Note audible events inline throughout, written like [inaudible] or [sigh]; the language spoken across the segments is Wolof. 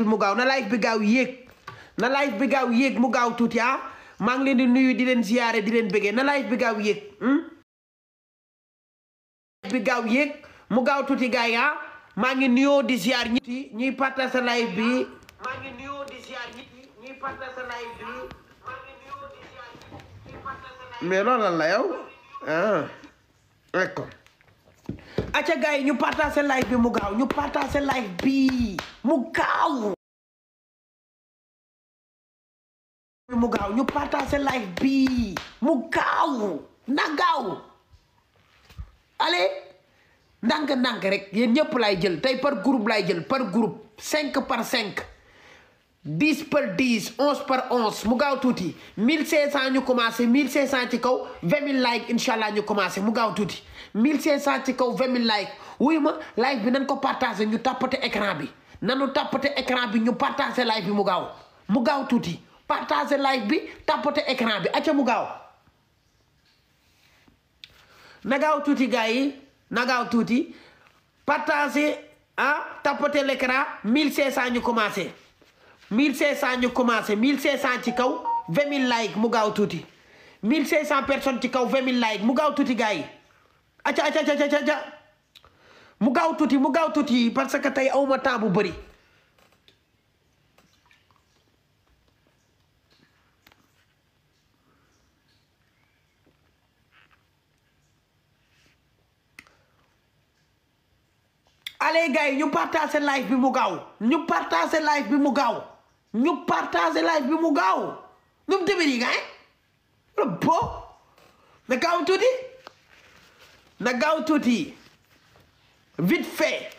bi mu gaaw na live bi gaaw yéeg na live bi gaaw yéeg mu gaaw tuuti ah maa ngi leen di nuyu di leen siyaare di leen bëggee na bi gaaw yéeg hmm? yéeg mu gaaw tuuti gaay ah. maa ngi nuyoo di siyaar ñi ñuy partage sa live bi ñuy partage sa live bi mais loolu lan la yow ah acca gars yi ñu partagé live bi mu gaaw ñu partagé live bi mu gaaw mu ñu partagé live bi mu gaaw na gaaw allez ndànk ndànk rek yéen ñëpp laay jël tey par groupe laay jël par groupe cinq par cinq dix par dix onze par onze mu gaaw tuuti mille cinq cent ñu commencé mille cinq cent ci kaw vingt mille like incha ñu commencé mu gaaw tuuti mille cinq cent ci kaw vingt mille like wuyu ma like bi nan ko partagé ñu tàppate écran bi nanu tàppate écran bi ñu partagé like bi mu gaaw mu gaaw tuuti partagé like bi tàppate écran bi acca mu gaaw na gaaw tuuti gars yi na gaaw tuuti partagé ah tàppate l'écran mille cinq cent ñu commencé 1500 ñu commencé 1500 ci kaw 20000 mu gaaw tuuti 1500 personnes ci kaw 20000 mu gaaw tuuti gars yi aca mu gaaw tuuti mu gaaw tuuti parce que tey awma temps bu bëri allez gars yi ñu partage live bi mu gaaw ñu partage live bi mu gaaw ñu partager live bi mu gaaw ñoom débéri ga e bo na gaaw tuuti na gaaw tuuti vite fait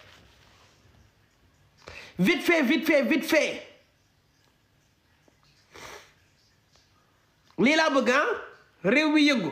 vite fait vite fait vite fait lii laa bëgg réew mi yëngu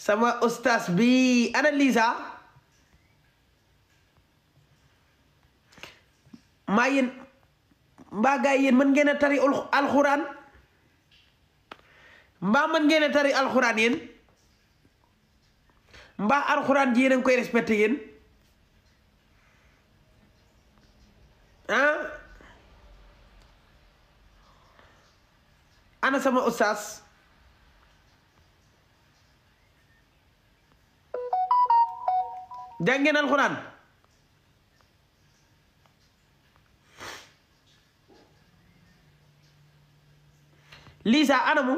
sama ustaas bi ana Lisa maa yéen mbaa gaa yéen mën ngeen a tari alxuraan mba mën ngeen tari alxuraan yéen mbaa alxuraan ji yéen a koy respecté yéen ah ana sama ustaas jàng ngeen alxuraan Lisa anamu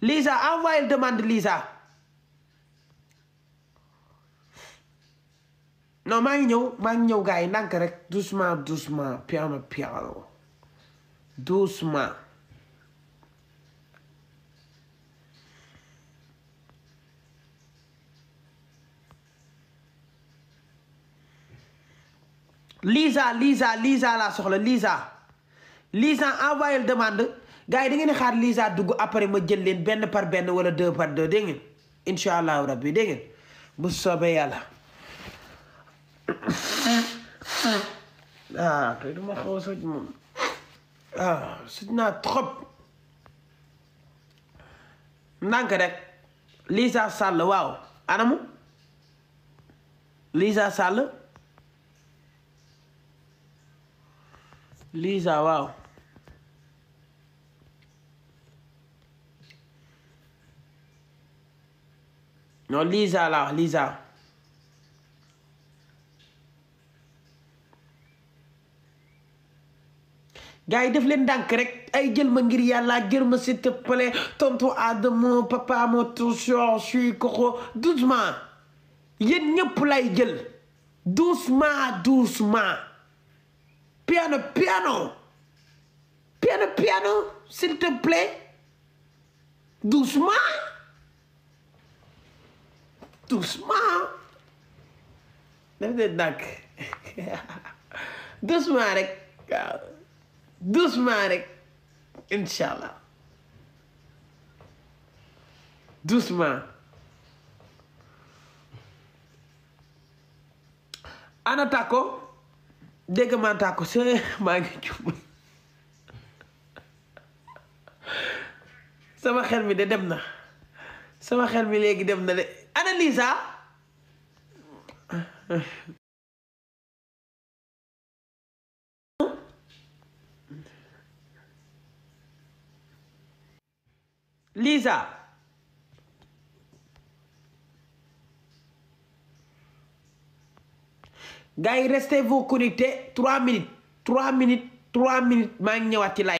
Lisa envoyé demande Lisa non maa ngi ñëw maa ngi ñëw gars yi ndànk rek doucement doucement piano piano doucement Lisa Lisa Lisa la soxla Lisa Lisa envoyé demande gars yi da ngeen di xaar dugg après ma jël leen benn par benn wala deux par deux dégg ngeen incha allahu rabbi dégg ngeen bu soobee yàlla. [coughs] ah tey duma xaw a soj moom ah soj naa Sall waaw anamu Sall. Lisa waaw non Lisa laa wax Lisa def leen ndànk rek ay jël ma ngir yàlla jël ma s'il te plaît tontu Adamo papa mo toujours suis koko doucement yéen ñëpp lay jël doucement doucement Piano, piano. Piano, piano, s'il te plaît. Doucement. Doucement. def de dàkk [laughs] doucement rek waaw doucement rek incha allah doucement ana tàkko dégg mantaa ko see maa ngi jub sama xel mi de dem na sama xel mi léegi dem na de ana Lisa gars yi restez vous connectés trois minutes trois minutes trois minutes maa ngi ñëwaat ci laay